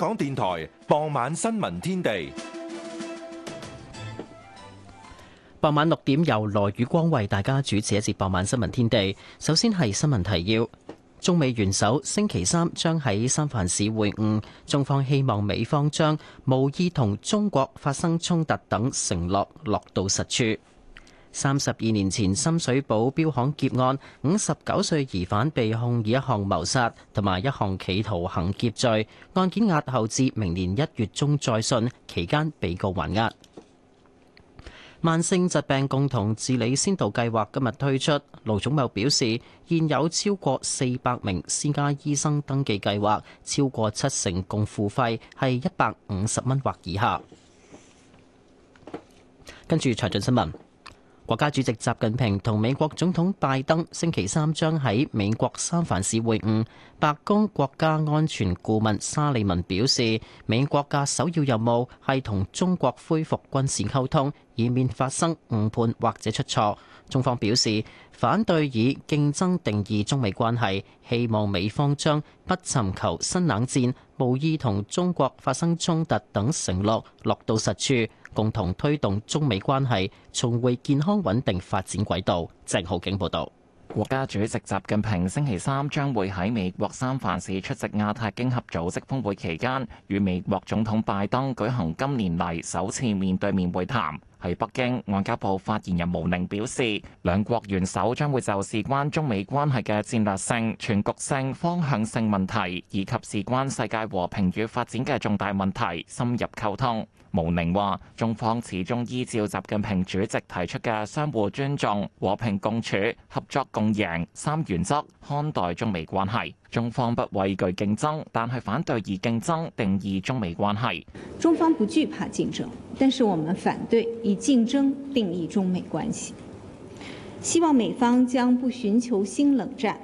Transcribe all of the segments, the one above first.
香港電台傍晚新聞天地，傍晚六點由羅宇光為大家主持一節傍晚新聞天地。首先係新聞提要：中美元首星期三將喺三藩市會晤，中方希望美方將無意同中國發生衝突等承諾落到實處。三十二年前深水埗錶行劫案，五十九歲疑犯被控以一項謀殺同埋一項企圖行劫罪，案件押後至明年一月中再訊。期間被告還押。慢性疾病共同治理先導計劃今日推出，盧寵茂表示，現有超過四百名私家醫生登記計劃，超過七成共付費係一百五十蚊或以下。跟住財經新聞。國家主席習近平同美國總統拜登星期三將喺美國三藩市會晤。白宮國家安全顧問沙利文表示，美國嘅首要任務係同中國恢復軍事溝通，以免發生誤判或者出錯。中方表示，反對以競爭定義中美關係，希望美方將不尋求新冷戰、無意同中國發生衝突等承諾落，落到實處。共同推動中美關係重回健康穩定發展軌道。鄭浩景報道，國家主席習近平星期三將會喺美國三藩市出席亞太經合組織峰會期間，與美國總統拜登舉行今年嚟首次面對面會談。喺北京，外交部發言人毛寧表示，兩國元首將會就事關中美關係嘅戰略性、全局性、方向性問題，以及事關世界和平與發展嘅重大問題深入溝通。毛寧話中方始終依照習近平主席提出嘅相互尊重、和平共處、合作共贏三原則看待中美關係。中方不畏懼競爭，但係反對以競爭定義中美關係。中方不懼怕競爭，但是我們反對以競爭定義中美關係。希望美方將不尋求新冷戰、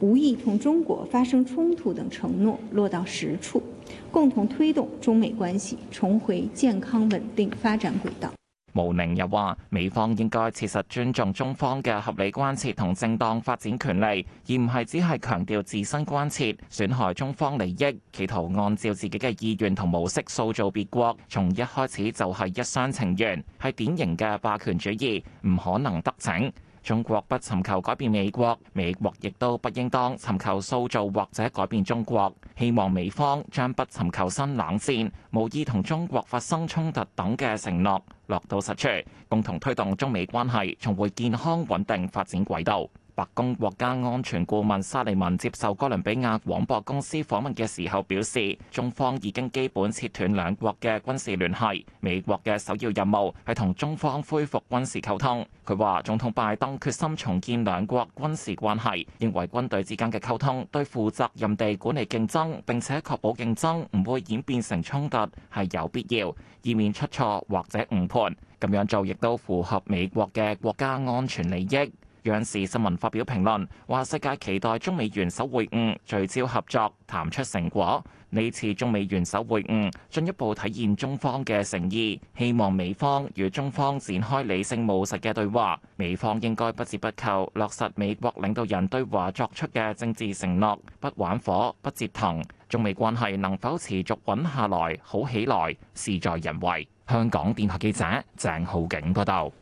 無意同中國發生衝突等承諾落到實處，共同推動中美關係重回健康穩定發展軌道。毛寧又話：美方應該切實尊重中方嘅合理關切同正當發展權利，而唔係只係強調自身關切，損害中方利益，企圖按照自己嘅意願同模式塑造別國。從一開始就係一廂情願，係典型嘅霸權主義，唔可能得逞。中國不尋求改變美國，美國亦都不應當尋求塑造或者改變中國。希望美方將不尋求新冷戰、無意同中國發生衝突等嘅承諾落到實處，共同推動中美關係重回健康穩定發展軌道。白宮國家安全顧問沙利文接受哥倫比亞廣播公司訪問嘅時候表示，中方已經基本切斷兩國嘅軍事聯繫，美國嘅首要任務係同中方恢復軍事溝通。佢話，總統拜登決心重建兩國軍事關係，認為軍隊之間嘅溝通對負責任地管理競爭，並且確保競爭唔會演變成衝突係有必要，以免出錯或者誤判。咁樣做亦都符合美國嘅國家安全利益。央視新聞發表評論，話世界期待中美元首會晤，聚焦合作，談出成果。呢次中美元首會晤進一步體現中方嘅誠意，希望美方與中方展開理性務實嘅對話。美方應該不折不扣落實美國領導人對華作出嘅政治承諾，不玩火，不折騰。中美關係能否持續穩下來、好起來，事在人為。香港電台記者鄭浩景報道。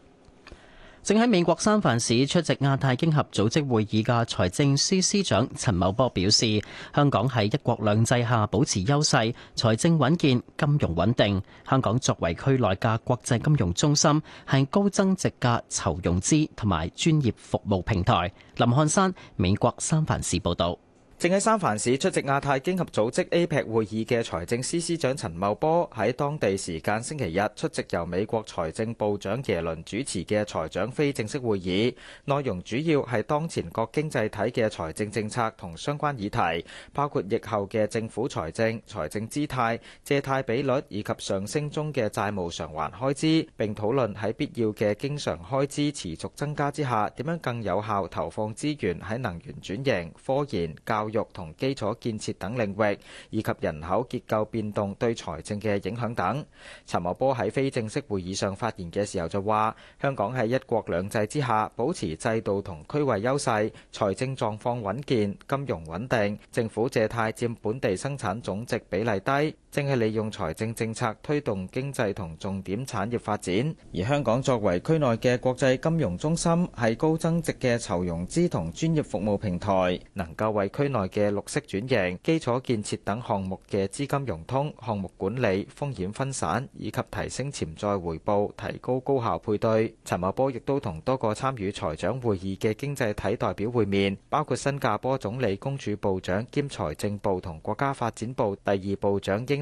正喺美國三藩市出席亞太經合組織會議嘅財政司司長陳茂波表示，香港喺一國兩制下保持優勢，財政穩健，金融穩定。香港作為區內嘅國際金融中心，係高增值嘅籌融資同埋專業服務平台。林漢山，美國三藩市報導。正喺三藩市出席亞太經合組織 APEC 會議嘅財政司司長陳茂波，喺當地時間星期日出席由美國財政部長耶倫主持嘅財長非正式會議，內容主要係當前各經濟體嘅財政政策同相關議題，包括疫後嘅政府財政、財政姿態、借貸比率以及上升中嘅債務償還開支，並討論喺必要嘅經常開支持續增加之下，點樣更有效投放資源喺能源轉型、科研、教育。育同基礎建設等領域，以及人口結構變動對財政嘅影響等。陳茂波喺非正式會議上發言嘅時候就話：香港喺一國兩制之下，保持制度同區位優勢，財政狀況穩健，金融穩定，政府借貸佔本地生產總值比例低。正係利用財政政策推動經濟同重點產業發展，而香港作為區內嘅國際金融中心，係高增值嘅籌融資同專業服務平台，能夠為區內嘅綠色轉型、基礎建設等項目嘅資金融通、項目管理、風險分散以及提升潛在回報、提高高效配對。陳茂波亦都同多個參與財長會議嘅經濟體代表會面，包括新加坡總理公署部長兼財政部同國家發展部第二部長英。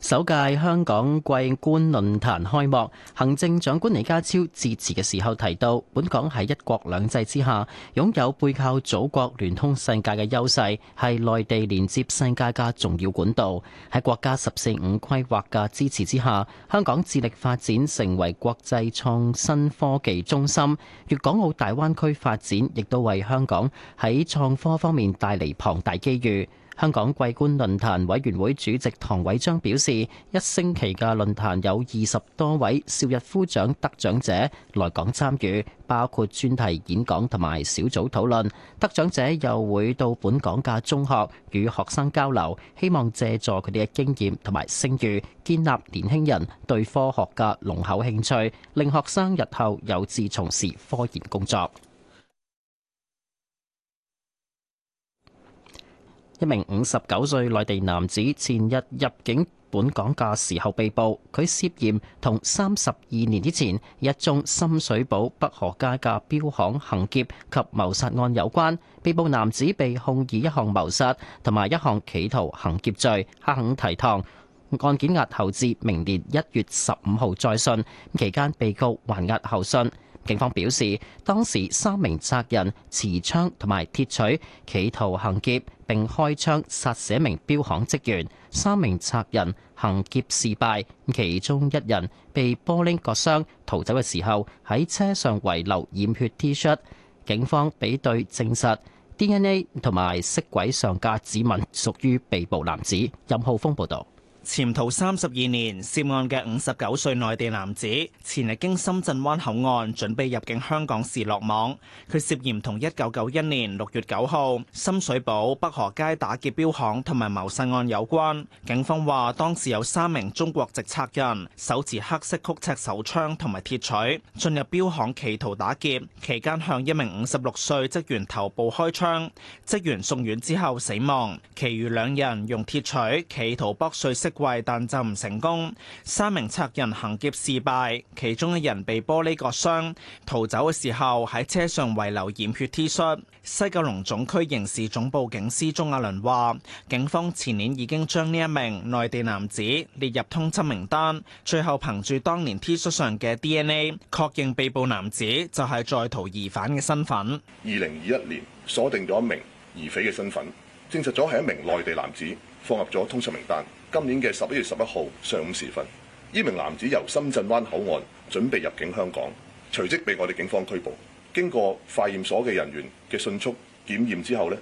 首屆香港桂冠論壇開幕，行政長官李家超致辭嘅時候提到，本港喺一國兩制之下，擁有背靠祖國聯通世界嘅優勢，係內地連接世界嘅重要管道。喺國家十四五規劃嘅支持之下，香港致力發展成為國際創新科技中心。粵港澳大灣區發展亦都為香港喺創科方面帶嚟龐大機遇。香港桂冠論壇委員會主席唐偉章表示，一星期嘅論壇有二十多位邵逸夫獎得獎者來港參與，包括專題演講同埋小組討論，得獎者又會到本港嘅中學與學生交流，希望借助佢哋嘅經驗同埋聲譽建立年輕人對科學嘅濃厚興趣，令學生日後有志從事科研工作。一名五十九歲內地男子前日入境本港嘅時候被捕，佢涉嫌同三十二年之前一宗深水埗北河街嘅錶行行劫及謀殺案有關。被捕男子被控以一項謀殺同埋一項企圖行劫罪，下午提堂。案件押後至明年一月十五號再訊，咁期間被告還押候訊。警方表示，當時三名賊人持槍同埋鐵錘企圖行劫，並開槍殺死一名標行職員。三名賊人行劫事敗，其中一人被玻璃割傷逃走嘅時候喺車上遺留染血 T 恤。警方比對證實 DNA 同埋色鬼上架指紋屬於被捕男子。任浩峰報道。潛逃三十二年涉案嘅五十九歲內地男子，前日經深圳灣口岸準備入境香港時落網。佢涉嫌同一九九一年六月九號深水埗北河街打劫錶行同埋謀殺案有關。警方話當時有三名中國籍賊人手持黑色曲尺手槍同埋鐵錘進入錶行企圖打劫，期間向一名五十六歲職員頭部開槍，職員送院之後死亡。其餘兩人用鐵錘企圖撲碎式，式。貴但就唔成功，三名賊人行劫事敗，其中一人被玻璃割傷，逃走嘅時候喺車上遺留染血 T 恤。西九龍總區刑事總部警司鍾亞倫話，警方前年已經將呢一名內地男子列入通緝名單，最後憑住當年 T 恤上嘅 DNA 確認被捕男子就係在逃疑犯嘅身份。二零二一年鎖定咗一名疑匪嘅身份，證實咗係一名內地男子，放入咗通緝名單。今年嘅十一月十一號上午時分，呢名男子由深圳灣口岸準備入境香港，隨即被我哋警方拘捕。經過化驗所嘅人員嘅迅速檢驗之後呢，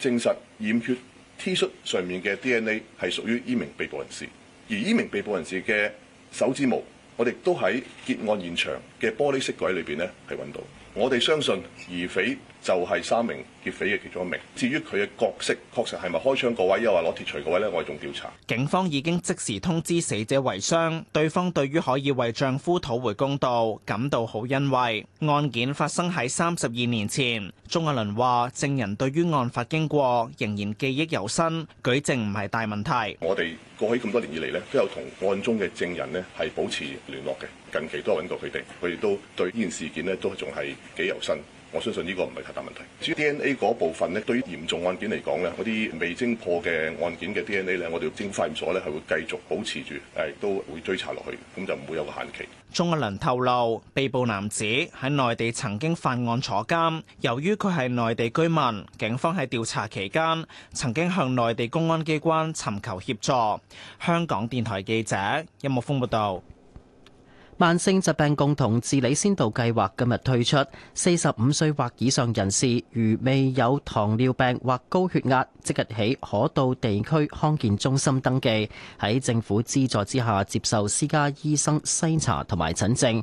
證實染血 T 恤上面嘅 DNA 係屬於呢名被捕人士，而呢名被捕人士嘅手指毛，我哋都喺結案現場嘅玻璃飾櫃裏邊呢係搵到。我哋相信疑匪，就係三名劫匪嘅其中一名。至於佢嘅角色，確實係咪開槍嗰位，又話攞鐵錘嗰位呢？我哋仲調查。警方已經即時通知死者遺孀，對方對於可以為丈夫討回公道，感到好欣慰。案件發生喺三十二年前，鍾亞倫話：證人對於案發經過仍然記憶猶新，舉證唔係大問題。我哋過去咁多年以嚟咧，都有同案中嘅證人咧係保持聯絡嘅。近期都揾到佢哋，佢哋都對呢件事件咧都仲係幾猶新。我相信呢個唔係太大問題。至於 DNA 嗰部分咧，對於嚴重案件嚟講咧，嗰啲未偵破嘅案件嘅 DNA 咧，我哋化驗所咧，係會繼續保持住，誒都會追查落去，咁就唔會有個限期。鐘亞麟透露，被捕男子喺內地曾經犯案坐監，由於佢係內地居民，警方喺調查期間曾經向內地公安機關尋求協助。香港電台記者音樂風報道。慢性疾病共同治理先導計劃今日推出，四十五歲或以上人士如未有糖尿病或高血壓，即日起可到地區康健中心登記，喺政府資助之下接受私家醫生篩查同埋診症。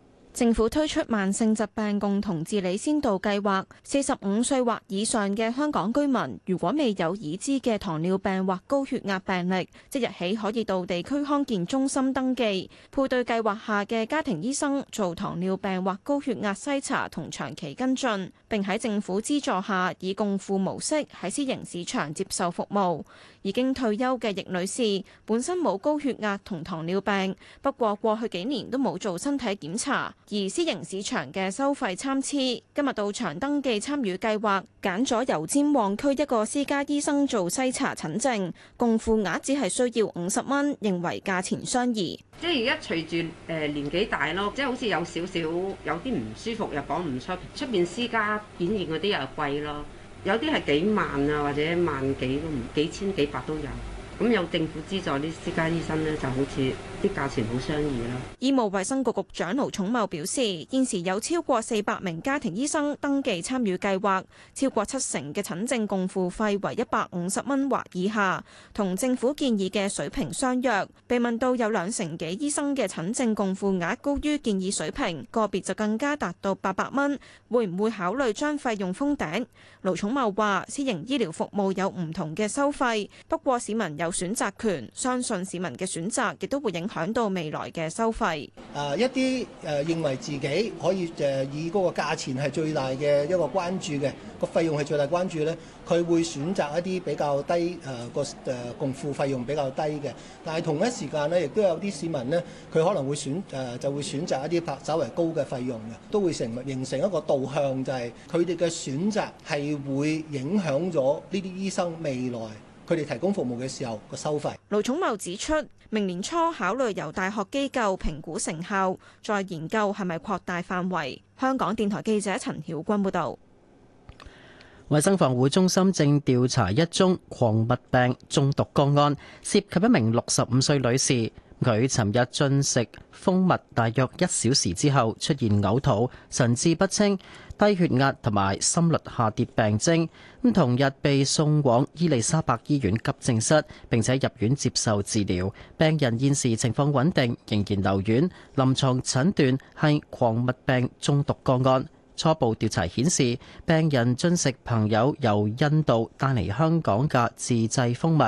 政府推出慢性疾病共同治理先導計劃，四十五歲或以上嘅香港居民，如果未有已知嘅糖尿病或高血壓病歷，即日起可以到地區康健中心登記配對計劃下嘅家庭醫生做糖尿病或高血壓篩查同長期跟進，並喺政府資助下以共付模式喺私營市場接受服務。已經退休嘅易女士本身冇高血壓同糖尿病，不過過去幾年都冇做身體檢查。而私營市場嘅收費參差，今日到場登記參與計劃，揀咗油尖旺區一個私家醫生做篩查診症，共付額只係需要五十蚊，認為價錢相宜。即係而家隨住誒年紀大咯，即係好似有少少有啲唔舒服又講唔出，出邊私家檢驗嗰啲又貴咯，有啲係幾萬啊或者萬幾都唔，幾千幾百都有。咁有政府資助啲私家醫生咧，就好似。啲價錢好相異啦。醫務衛生局局長盧寵茂表示，現時有超過四百名家庭醫生登記參與計劃，超過七成嘅診症共付費為一百五十蚊或以下，同政府建議嘅水平相若。被問到有兩成幾醫生嘅診症共付額高於建議水平，個別就更加達到八百蚊，會唔會考慮將費用封頂？盧寵茂話：私營醫療服務有唔同嘅收費，不過市民有選擇權，相信市民嘅選擇亦都會影響。搶到未來嘅收費。誒一啲誒認為自己可以誒以嗰個價錢係最大嘅一個關注嘅個費用係最大關注咧，佢會選擇一啲比較低誒個誒共付費用比較低嘅。但係同一時間咧，亦都有啲市民咧，佢可能會選誒、呃、就會選擇一啲稍為高嘅費用嘅，都會成形成一個導向，就係佢哋嘅選擇係會影響咗呢啲醫生未來佢哋提供服務嘅時候個收費。盧寵茂指出。明年初考慮由大學機構評估成效，再研究係咪擴大範圍。香港電台記者陳曉君報導。衞生防護中心正調查一宗狂物病中毒個案，涉及一名六十五歲女士。佢尋日進食蜂蜜，大約一小時之後出現嘔吐、神志不清、低血壓同埋心率下跌病徵。咁同日被送往伊利沙伯醫院急症室，並且入院接受治療。病人現時情況穩定，仍然留院。臨床診斷係狂物病中毒個案。初步調查顯示，病人進食朋友由印度帶嚟香港嘅自製蜂蜜。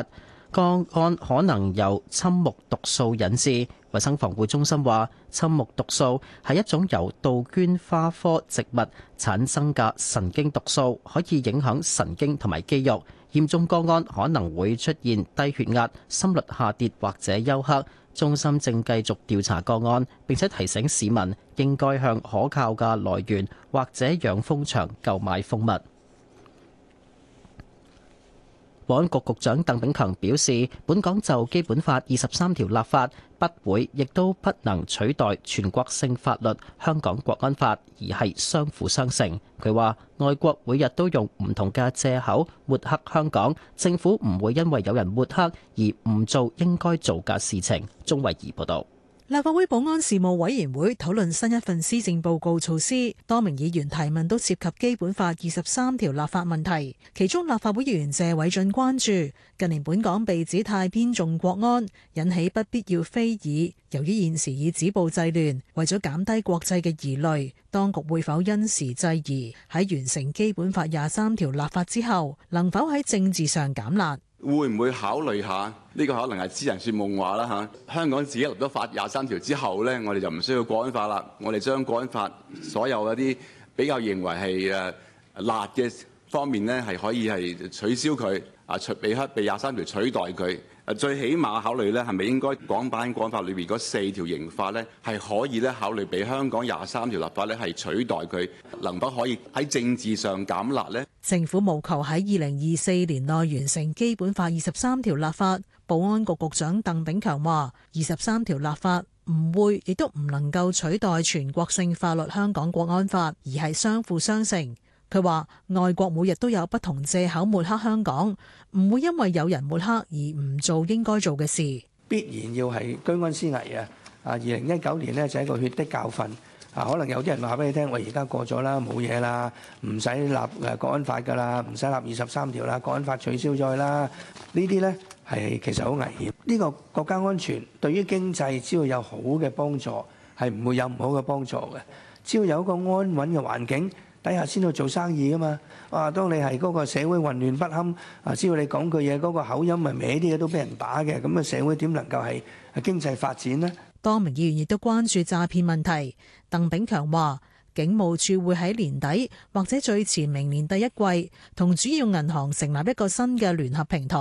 個案可能由侵木毒素引致，衛生防護中心話：侵木毒素係一種由杜鵑花科植物產生嘅神經毒素，可以影響神經同埋肌肉。嚴重個案可能會出現低血壓、心率下跌或者休克。中心正繼續調查個案，並且提醒市民應該向可靠嘅來源或者養蜂場購買蜂蜜。保安局局長鄧炳強表示，本港就《基本法》二十三條立法，不會亦都不能取代全國性法律《香港國安法》而相相，而係相輔相成。佢話，外國每日都用唔同嘅借口抹黑香港，政府唔會因為有人抹黑而唔做應該做嘅事情。鍾慧儀報道。立法會保安事務委員會討論新一份施政報告措施，多名議員提問都涉及基本法二十三條立法問題，其中立法會議員謝偉俊關注近年本港被指太偏重國安，引起不必要非議。由於現時已止暴制亂，為咗減低國際嘅疑慮，當局會否因時制宜喺完成基本法廿三條立法之後，能否喺政治上減辣？會唔會考慮下呢個可能係痴人説夢話啦，嚇？香港自己立咗法廿三條之後呢，我哋就唔需要《國安法》啦。我哋將《國安法》所有一啲比較認為係誒辣嘅方面呢，係可以係取消佢，啊，除俾黑俾廿三條取代佢。最起碼考慮呢，係咪應該港版《國安法》裏面嗰四條刑法呢？係可以咧考慮俾香港廿三條立法呢，係取代佢，能否可以喺政治上減辣呢？政府務求喺二零二四年內完成《基本法》二十三條立法，保安局局長鄧炳強話：二十三條立法唔會，亦都唔能夠取代全國性法律《香港國安法》，而係相輔相成。佢話，外國每日都有不同藉口抹黑香港，唔會因為有人抹黑而唔做應該做嘅事。必然要係居安思危啊！啊，二零一九年咧就係一個血的教訓啊！可能有啲人話俾你聽，喂，而家過咗啦，冇嘢啦，唔使立誒國安法噶啦，唔使立二十三條啦，國安法取消咗啦。呢啲咧係其實好危險。呢個國家安全對於經濟，只要有好嘅幫助，係唔會有唔好嘅幫助嘅。只要有一個安穩嘅環境。底下先去做生意噶嘛？哇！當你係嗰個社會混亂不堪啊，只要你講句嘢，嗰個口音咪歪啲嘅都俾人打嘅咁啊！社會點能夠係係經濟發展呢？多名議員亦都關注詐騙問題。鄧炳強話，警務處會喺年底或者最遲明年第一季同主要銀行成立一個新嘅聯合平台。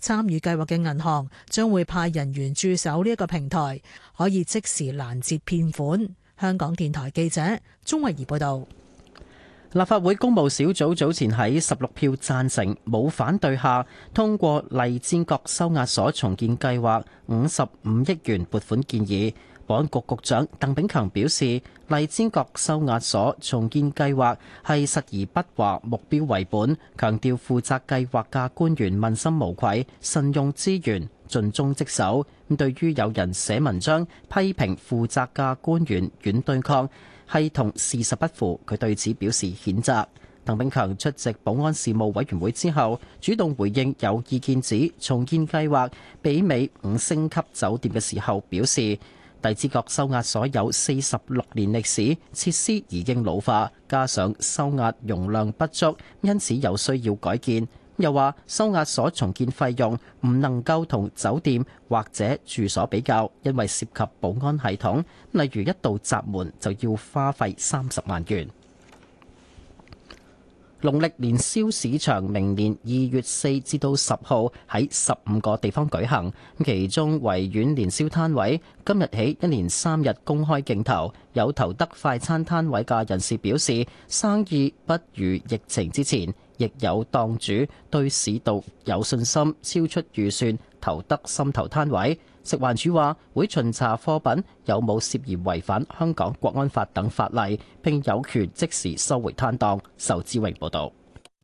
參與計劃嘅銀行將會派人員駐守呢一個平台，可以即時攔截騙款。香港電台記者鍾慧儀報道。立法會公務小組早前喺十六票贊成、冇反對下通過荔枝角收押所重建計劃五十五億元撥款建議。保安局局長鄧炳強表示，荔枝角收押所重建計劃係實而不華、目標為本，強調負責計劃嘅官員問心無愧、慎用資源、盡忠職守。咁對於有人寫文章批評負責嘅官員軟對抗，係同事實不符，佢對此表示譴責。鄧炳強出席保安事務委員會之後，主動回應有意見指重建計劃媲美五星級酒店嘅時候，表示荔枝角收押所有四十六年歷史，設施已經老化，加上收押容量不足，因此有需要改建。又話收押所重建費用唔能夠同酒店或者住所比較，因為涉及保安系統，例如一道閘門就要花費三十萬元。農曆年宵市場明年二月四至到十號喺十五個地方舉行，其中維園年宵攤位今日起一連三日公開競投。有投得快餐攤位嘅人士表示，生意不如疫情之前。亦有檔主對市道有信心，超出預算投得心頭攤位。食環署話會巡查貨品有冇涉嫌違反香港國安法等法例，並有權即時收回攤檔。仇志榮報道。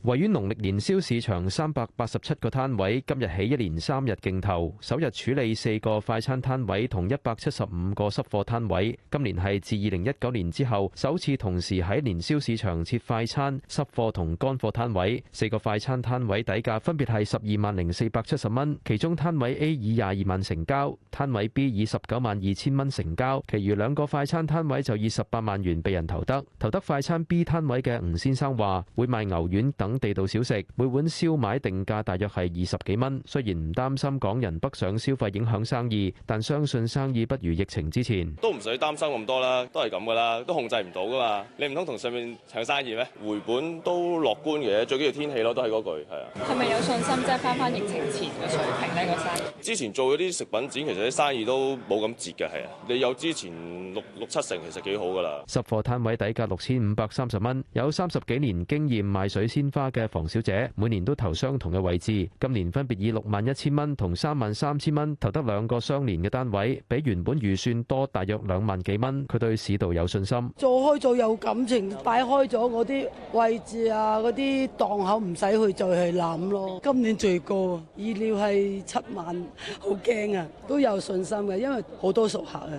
位於農曆年宵市場三百八十七個攤位，今日起一連三日競投，首日處理四個快餐攤位同一百七十五個濕貨攤位。今年係自二零一九年之後首次同時喺年宵市場設快餐、濕貨同乾貨攤位。四個快餐攤位底價分別係十二萬零四百七十蚊，70，其中攤位 A 以廿二萬成交，攤位 B 以十九萬二千蚊成交，其餘兩個快餐攤位就以十八萬元被人投得。投得快餐 B 攤位嘅吳先生話：會賣牛丸等。地道小食，每碗燒賣定價大約係二十幾蚊。雖然唔擔心港人北上消費影響生意，但相信生意不如疫情之前。都唔使擔心咁多啦，都係咁噶啦，都控制唔到噶嘛。你唔通同上面搶生意咩？回本都樂觀嘅，最緊要天氣咯，都係嗰句係啊。係咪有信心即係翻翻疫情前嘅水平呢？個生意？之前做嗰啲食品展，其實啲生意都冇咁折嘅，係啊。你有之前六六七成，其實幾好噶啦。十貨攤位底價六千五百三十蚊，有三十幾年經驗賣水仙花，嘅房小姐每年都投相同嘅位置，今年分別以六萬一千蚊同三萬三千蚊投得兩個相連嘅單位，比原本預算多大約兩萬幾蚊。佢對市道有信心，做開做有感情，擺開咗嗰啲位置啊，嗰啲檔口唔使去再去攬咯。就是，今年最高啊意料係七萬，好驚啊，都有信心嘅，因為好多熟客啊。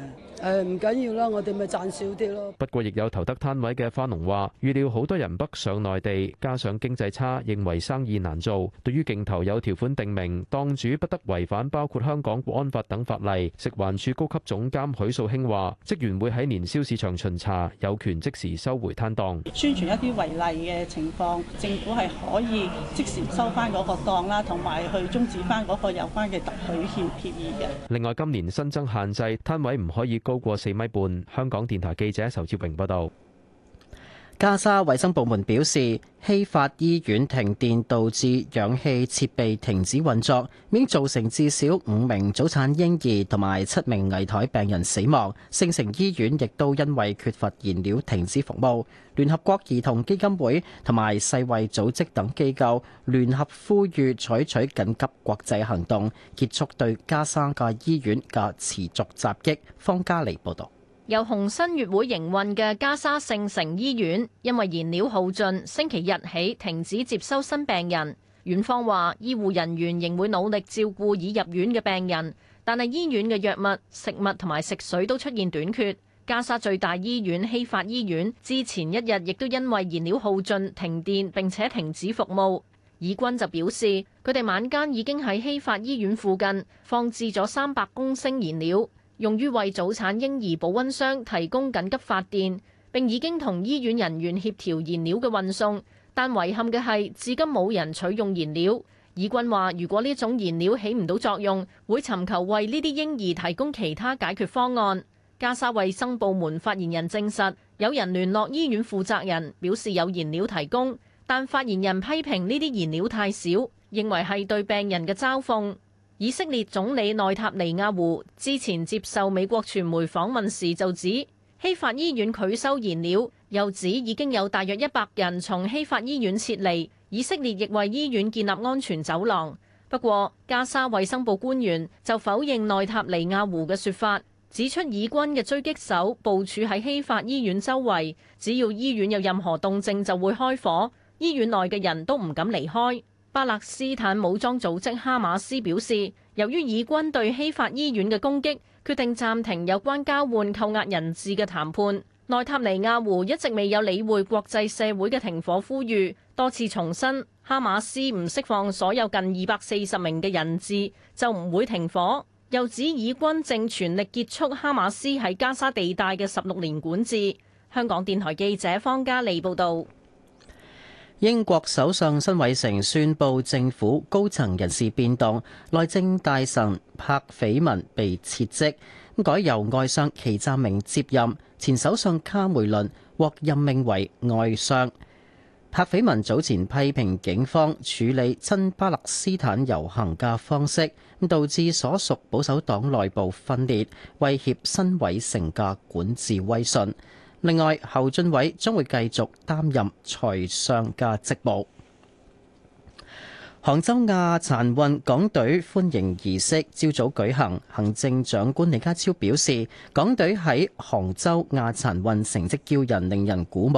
誒唔緊要啦，我哋咪賺少啲咯。不過亦有投得攤位嘅花農話，預料好多人北上內地，加上經濟差，認為生意難做。對於競投有條款定明，檔主不得違反包括香港國安法等法例。食環署高級總監許素卿話，職員會喺年宵市場巡查，有權即時收回攤檔。宣傳一啲違例嘅情況，政府係可以即時收返嗰個檔啦，同埋去中止返嗰個有關嘅特許協協議嘅。另外，今年新增限制，攤位唔可以高。超過四米半。香港電台記者仇志榮報道。加沙衛生部門表示，希法醫院停電導致氧氣設備停止運作，已經造成至少五名早產嬰兒同埋七名危殆病人死亡。聖城醫院亦都因為缺乏燃料停止服務。聯合國兒童基金會同埋世衛組織等機構聯合呼籲採取緊急國際行動，結束對加沙嘅醫院嘅持續襲擊。方家莉報道。由紅新月會營運嘅加沙聖城醫院，因為燃料耗盡，星期日起停止接收新病人。院方話，醫護人員仍會努力照顧已入院嘅病人，但係醫院嘅藥物、食物同埋食水都出現短缺。加沙最大醫院希法醫院之前一日亦都因為燃料耗盡停電，並且停止服務。以軍就表示，佢哋晚間已經喺希法醫院附近放置咗三百公升燃料。用於為早產嬰兒保溫箱提供緊急發電，並已經同醫院人員協調燃料嘅運送，但遺憾嘅係至今冇人取用燃料。以軍話：如果呢種燃料起唔到作用，會尋求為呢啲嬰兒提供其他解決方案。加沙衛生部門發言人證實有人聯絡醫院負責人，表示有燃料提供，但發言人批評呢啲燃料太少，認為係對病人嘅嘲諷。以色列總理內塔尼亞胡之前接受美國傳媒訪問時就指希法醫院拒收燃料，又指已經有大約一百人從希法醫院撤離。以色列亦為醫院建立安全走廊。不過，加沙衛生部官員就否認內塔尼亞胡嘅說法，指出以軍嘅狙擊手部署喺希法醫院周圍，只要醫院有任何動靜就會開火，醫院內嘅人都唔敢離開。巴勒斯坦武裝組織哈馬斯表示，由於以軍對希法醫院嘅攻擊，決定暫停有關交換扣押人質嘅談判。內塔尼亞胡一直未有理會國際社會嘅停火呼籲，多次重申哈馬斯唔釋放所有近二百四十名嘅人質就唔會停火，又指以軍正全力結束哈馬斯喺加沙地帶嘅十六年管治。香港電台記者方嘉莉報道。英國首相辛偉成宣布政府高層人事變動，內政大臣柏斐文被撤職，改由外相祁湛明接任。前首相卡梅倫獲任命為外相。柏斐文早前批評警方處理親巴勒斯坦遊行嘅方式，導致所屬保守黨內部分裂，威脅辛偉成嘅管治威信。另外，侯俊偉將會繼續擔任財相嘅職務。杭州亞殘運港隊歡迎儀式朝早舉行，行政長官李家超表示，港隊喺杭州亞殘運成績驕人，令人鼓舞。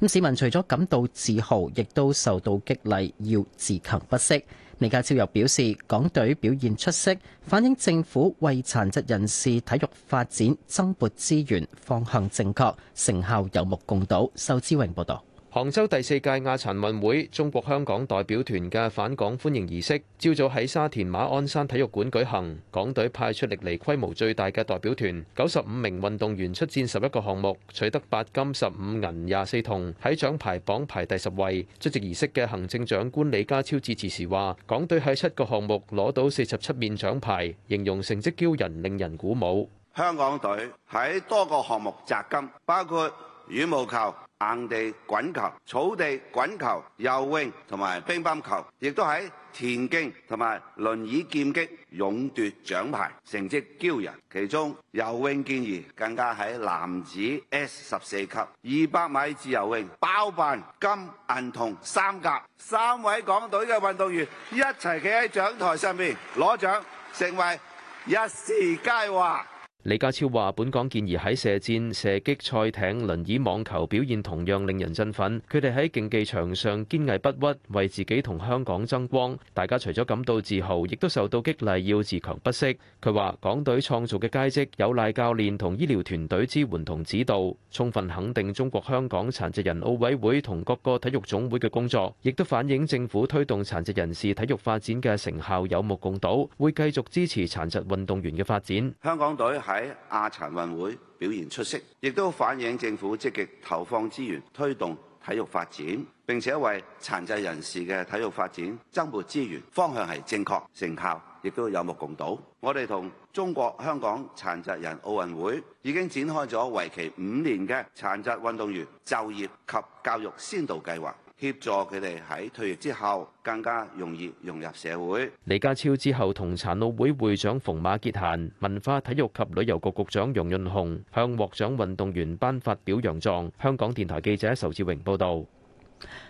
咁市民除咗感到自豪，亦都受到激勵，要自強不息。李家超又表示，港隊表現出色，反映政府為殘疾人士體育發展增撥資源方向正確，成效有目共睹。仇志榮報道。杭州第四屆亞殘運會中國香港代表團嘅返港歡迎儀式，朝早喺沙田馬鞍山體育館舉行。港隊派出歷嚟規模最大嘅代表團，九十五名運動員出戰十一個項目，取得八金十五銀廿四銅，喺獎牌榜排第十位。出席儀式嘅行政長官李家超致辭時話，港隊喺七個項目攞到四十七面獎牌，形容成績驕人，令人鼓舞。香港隊喺多個項目摘金，包括羽毛球、硬地滾球、草地滾球、游泳同埋乒乓球，亦都喺田徑同埋輪椅劍擊勇奪獎牌，成績驕人。其中游泳健兒更加喺男子 S 十四級二百米自由泳包辦金銀銅三甲，三位港隊嘅運動員一齊企喺獎台上面攞獎，成為一時佳話。李家超話：本港健兒喺射箭、射擊、賽艇、輪椅網球表現同樣令人振奮，佢哋喺競技場上堅毅不屈，為自己同香港爭光。大家除咗感到自豪，亦都受到激勵，要自強不息。佢話：港隊創造嘅佳績有賴教練同醫療團隊支援同指導，充分肯定中國香港殘疾人奧委會同各個體育總會嘅工作，亦都反映政府推動殘疾人士體育發展嘅成效有目共睹。會繼續支持殘疾運動員嘅發展。香港隊喺亞殘運會表現出色，亦都反映政府積極投放資源推動體育發展，並且為殘疾人士嘅體育發展增撥資源，方向係正確，成效亦都有目共睹。我哋同中國香港殘疾人奧運會已經展開咗為期五年嘅殘疾運動員就業及教育先導計劃。協助佢哋喺退役之後更加容易融入社會。李家超之後同殘奧會會長馮馬潔嫻，文化體育及旅遊局局長楊潤雄向獲獎運動員頒發表揚狀。香港電台記者仇志榮報導。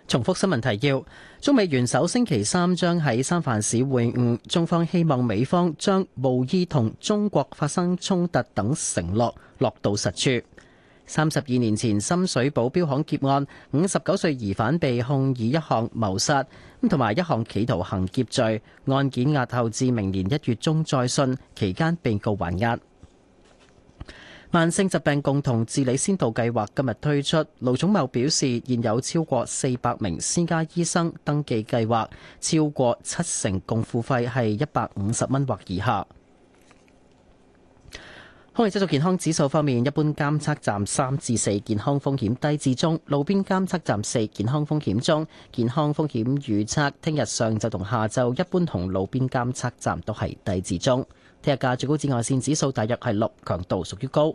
重複新聞提要：中美元首星期三將喺三藩市會晤，中方希望美方將無意同中國發生衝突等承諾落到實處。三十二年前深水埗鏢行劫案，五十九歲疑犯被控以一項謀殺，咁同埋一項企圖行劫罪，案件押後至明年一月中再訊，期間被告還押。慢性疾病共同治理先導計劃今日推出，盧寵茂表示，現有超過四百名私家醫生登記計劃，超過七成共付費係一百五十蚊或以下。空氣質素健康指數方面，一般監測站三至四，健康風險低至中；路邊監測站四，健康風險中。健康風險預測聽日上晝同下晝，一般同路邊監測站都係低至中。聽日嘅最高紫外線指數大約係六，強度屬於高。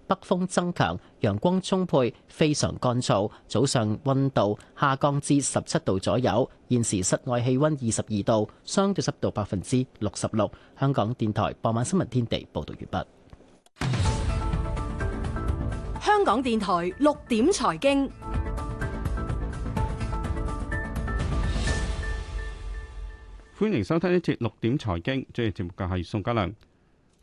北風增強，陽光充沛，非常乾燥。早上溫度下降至十七度左右，現時室外氣溫二十二度，相對濕度百分之六十六。香港電台傍晚新聞天地報道完畢。香港電台六點財經，歡迎收聽呢節六點財經，主持節目嘅係宋家良。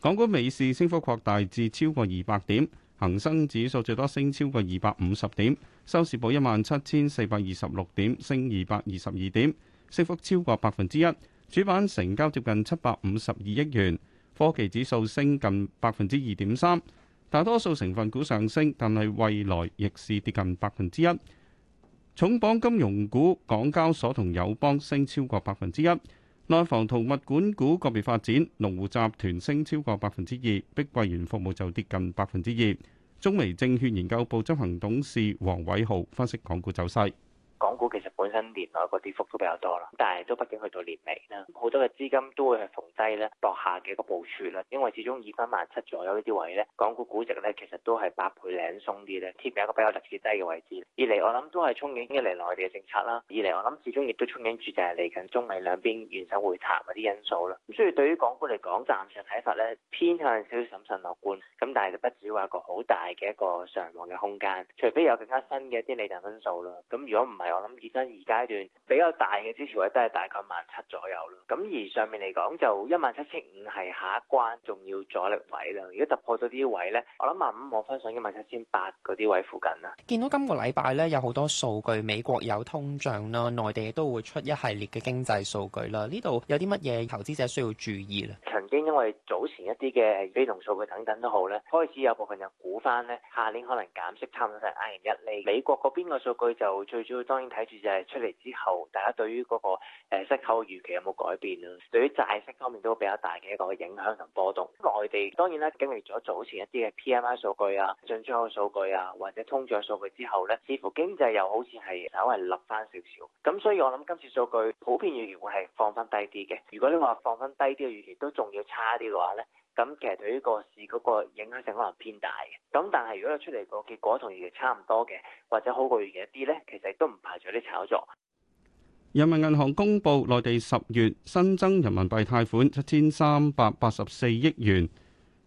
港股尾市升幅擴大至超過二百點，恒生指數最多升超過二百五十點，收市報一萬七千四百二十六點，升二百二十二點，升幅超過百分之一。主板成交接近七百五十二億元，科技指數升近百分之二點三，大多數成分股上升，但係未來逆市跌近百分之一。重磅金融股，港交所同友邦升超過百分之一。內房同物管股個別發展，龍湖集團升超過百分之二，碧桂園服務就跌近百分之二。中微證券研究部執行董事黃偉豪分析港股走勢。港股其實本身年內個跌幅都比較多啦，但係都畢竟去到年尾啦，好多嘅資金都會係逢低咧落下嘅一個部署啦。因為始終二三萬七左右呢啲位咧，港股估值咧其實都係八倍領鬆啲咧，貼住一個比較歷史低嘅位置。二嚟我諗都係憧憬一嚟內地嘅政策啦，二嚟我諗始終亦都憧憬住就係嚟緊中美兩邊元首會談嗰啲因素啦。所以對於港股嚟講，暫時睇法咧偏向少少審慎樂觀，咁但係就不止話個好大嘅一個上望嘅空間，除非有更加新嘅一啲利潤因素啦。咁如果唔係，我諗而家而階段比較大嘅支持位都係大概萬七左右啦。咁而上面嚟講就一萬七千五係下一關，仲要阻力位啦。如果突破咗啲位咧，我諗萬五望翻上一萬七千八嗰啲位附近啦。見到今個禮拜咧有好多數據，美國有通脹啦，內地都會出一系列嘅經濟數據啦。呢度有啲乜嘢投資者需要注意咧？曾經因為早前一啲嘅非農數據等等都好咧，開始有部分人估翻咧，下年可能減息差唔多成二零一厘。美國嗰邊個數據就最主要當。睇住就係出嚟之後，大家對於嗰個息口嘅預期有冇改變啊？對於債息方面都比較大嘅一個影響同波動。內地當然啦，經歷咗早前一啲嘅 PMI 數據啊、進出口數據啊或者通脹數據之後呢，似乎經濟又好似係稍微落翻少少。咁所以我諗今次數據普遍預期會係放翻低啲嘅。如果你話放翻低啲嘅預期都仲要差啲嘅話呢。咁其實對呢個市嗰個影響性可能偏大。咁但係如果有出嚟個結果同預期差唔多嘅，或者好過預期一啲呢，其實都唔排除啲炒作。人民銀行公布，內地十月新增人民幣貸款七千三百八十四億元，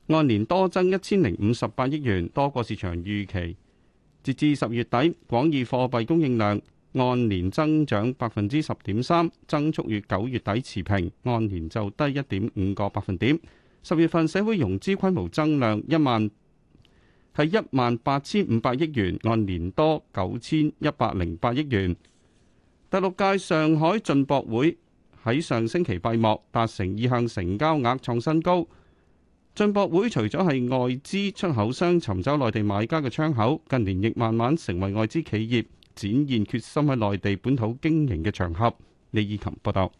按年多增一千零五十八億元，多過市場預期。截至十月底，廣義貨幣供應量按年增長百分之十點三，增速與九月底持平，按年就低一點五個百分點。十月份社會融資規模增量一萬係一萬八千五百億元，按年多九千一百零八億元。第六屆上海進博會喺上星期閉幕，達成意向成交額創新高。進博會除咗係外資出口商尋找內地買家嘅窗口，近年亦慢慢成為外資企業展現決心喺內地本土經營嘅場合。李以琴報道。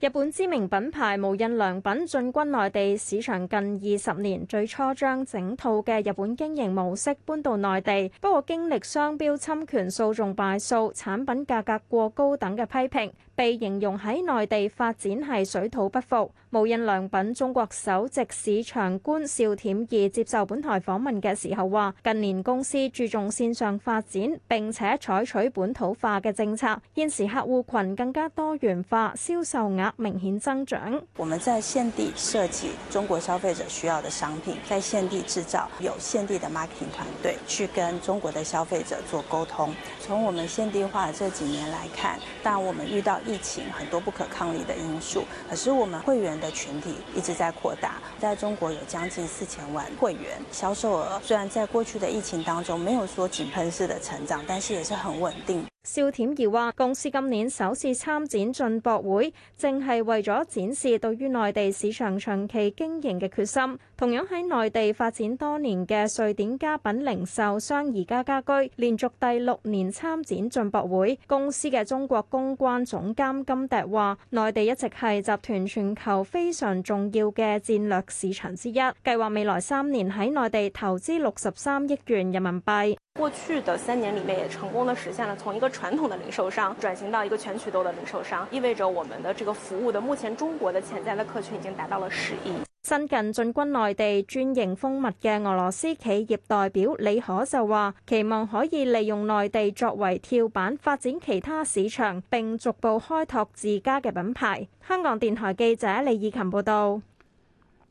日本知名品牌無印良品進軍內地市場近二十年，最初將整套嘅日本經營模式搬到內地，不過經歷商標侵權訴訟敗訴、產品價格過高等嘅批評，被形容喺內地發展係水土不服。無印良品中國首席市場官邵恬怡接受本台訪問嘅時候話，近年公司注重綫上發展，並且採取本土化嘅政策，現時客戶群更加多元化，銷售額。明顯增長。我們在限地設計中國消費者需要的商品，在限地製造，有限地的 marketing 團隊去跟中國的消費者做溝通。從我們限地化的這幾年來看，但我們遇到疫情很多不可抗力的因素，可是我們會員的群體一直在擴大，在中國有將近四千萬會員銷額。銷售額雖然在過去的疫情當中沒有說井噴式的成長，但是也是很穩定。肖恬儀話：公司今年首次參展進博會，正係為咗展示對於內地市場長期經營嘅決心。同樣喺內地發展多年嘅瑞典家品零售商宜家家居，連續第六年參展進博會。公司嘅中國公關總監金迪話，內地一直係集團全球非常重要嘅戰略市場之一。計劃未來三年喺內地投資六十三億元人民幣。過去的三年裡面，也成功的實現了從一個傳統的零售商轉型到一個全渠道的零售商，意味着我們的這個服務的目前中國的潛在的客群已經達到了十億。新近進軍內地專營蜂蜜嘅俄羅斯企業代表李可就話：期望可以利用內地作為跳板，發展其他市場，並逐步開拓自家嘅品牌。香港電台記者李以琴報道。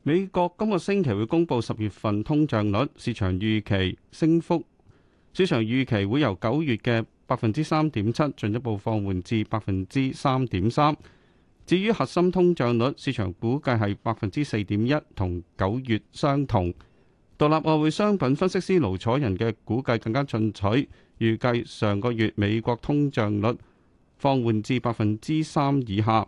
美國今個星期會公布十月份通脹率，市場預期升幅，市場預期會由九月嘅百分之三點七進一步放緩至百分之三點三。至於核心通脹率，市場估計係百分之四點一，同九月相同。獨立外匯商品分析師盧楚仁嘅估計更加進取，預計上個月美國通脹率放緩至百分之三以下。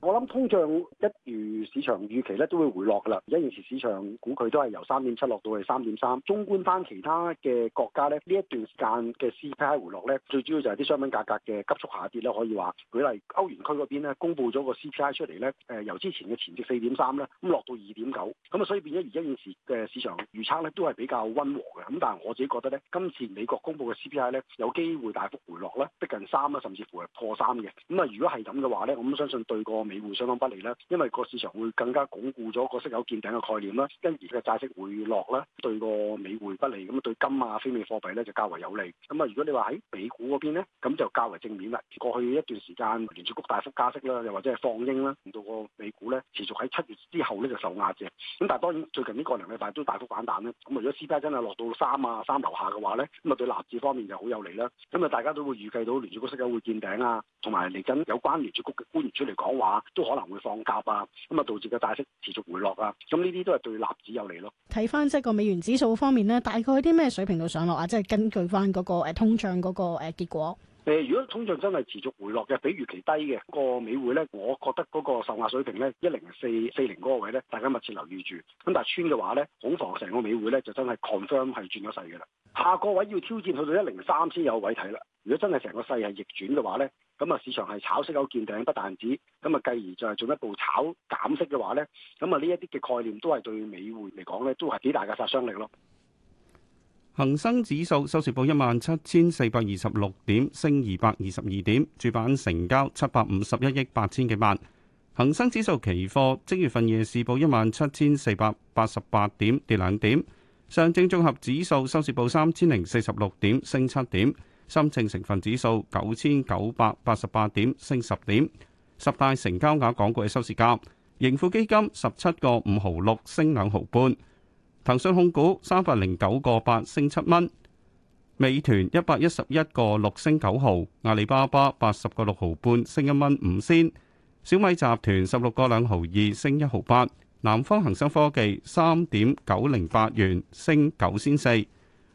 我諗通脹一如市場預期咧，都會回落噶啦。而家現時市場估佢都係由三點七落到去三點三。中觀翻其他嘅國家咧，呢一段時間嘅 CPI 回落咧，最主要就係啲商品價格嘅急速下跌咧，可以話，舉例歐元區嗰邊咧，公布咗個 CPI 出嚟咧，誒、呃、由之前嘅前值四點三咧，咁、嗯、落到二點九，咁、嗯、啊所以變咗而家現時嘅市場預測咧，都係比較溫和嘅。咁、嗯、但係我自己覺得咧，今次美國公布嘅 CPI 咧，有機會大幅回落咧，逼近三啦，甚至乎係破三嘅。咁啊、嗯嗯、如果係咁嘅話咧，我諗相信對個美匯相當不利啦，因為個市場會更加鞏固咗個息口見頂嘅概念啦，跟住嘅債息回落啦，對個美匯不利，咁啊對金啊非美貨幣咧就較為有利。咁啊如果你話喺美股嗰邊咧，咁就較為正面啦。過去一段時間聯儲局大幅加息啦，又或者係放鷹啦，令到個美股咧持續喺七月之後咧就受壓嘅。咁但係當然最近呢個兩禮拜都大幅反彈咧。咁啊如果 CPI 真係落到三啊三樓下嘅話咧，咁啊對納指方面就好有利啦。咁啊大家都會預計到聯儲局息口會見頂啊，同埋嚟緊有關聯儲局嘅官員出嚟講話。都可能會放鴿啊，咁啊導致個債息持續回落啊，咁呢啲都係對納指有利咯。睇翻即係個美元指數方面咧，大概啲咩水平度上落啊？即係根據翻嗰個通脹嗰個誒結果。誒，如果通脹真係持續回落嘅，比預期低嘅個美匯咧，我覺得嗰個受壓水平咧，一零四四零嗰個位咧，大家密切留意住。咁但係穿嘅話咧，恐防成個美匯咧就真係 confirm 係轉咗勢嘅啦。下個位要挑戰去到一零三先有位睇啦。如果真係成個勢係逆轉嘅話咧。咁啊，市場係炒息有見頂，不但止，咁啊，繼而再係進一步炒減息嘅話呢，咁啊，呢一啲嘅概念都係對美匯嚟講呢都係幾大嘅殺傷力咯。恒生指數收市報一萬七千四百二十六點，升二百二十二點，主板成交七百五十一億八千幾萬。恒生指數期貨即月份夜市報一萬七千四百八十八點，跌兩點。上證綜合指數收市報三千零四十六點，升七點。深證成分指數九千九百八十八點升十點，十大成交額港股嘅收市價，盈富基金十七個五毫六升兩毫半，騰訊控股三百零九個八升七蚊，美團一百一十一個六升九毫，阿里巴巴八十個六毫半升一蚊五仙，小米集團十六個兩毫二升一毫八，南方恒生科技三點九零八元升九仙四。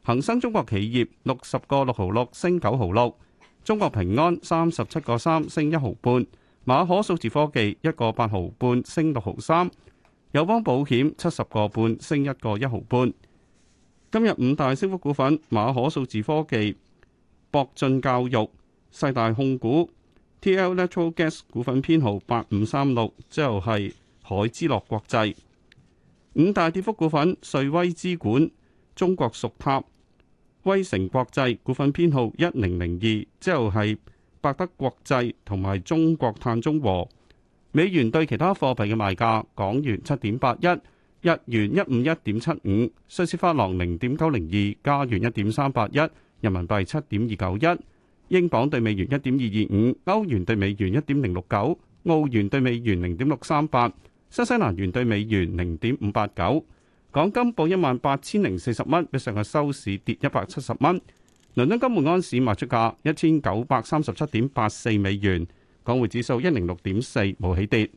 恒生中國企業六十個六毫六升九毫六，中國平安三十七個三升一毫半，馬可數字科技一個八毫半升六毫三，友邦保險七十個半升一個一毫半。今日五大升幅股份：馬可數字科技、博進教育、世大控股、TL Natural Gas 股份編號八五三六，之後係海之樂國際。五大跌幅股份：瑞威資管、中國屬塔。威城國際股份編號一零零二，之後係百德國際同埋中國碳中和。美元對其他貨幣嘅賣價：港元七點八一，日元一五一點七五，瑞士法郎零點九零二，加元一點三八一，人民幣七點二九一，英鎊對美元一點二二五，歐元對美元一點零六九，澳元對美元零點六三八，新西蘭元對美元零點五八九。港金報一萬八千零四十蚊，比上日收市跌一百七十蚊。倫敦金每盎司賣出價一千九百三十七點八四美元，港匯指數一零六點四，冇起跌。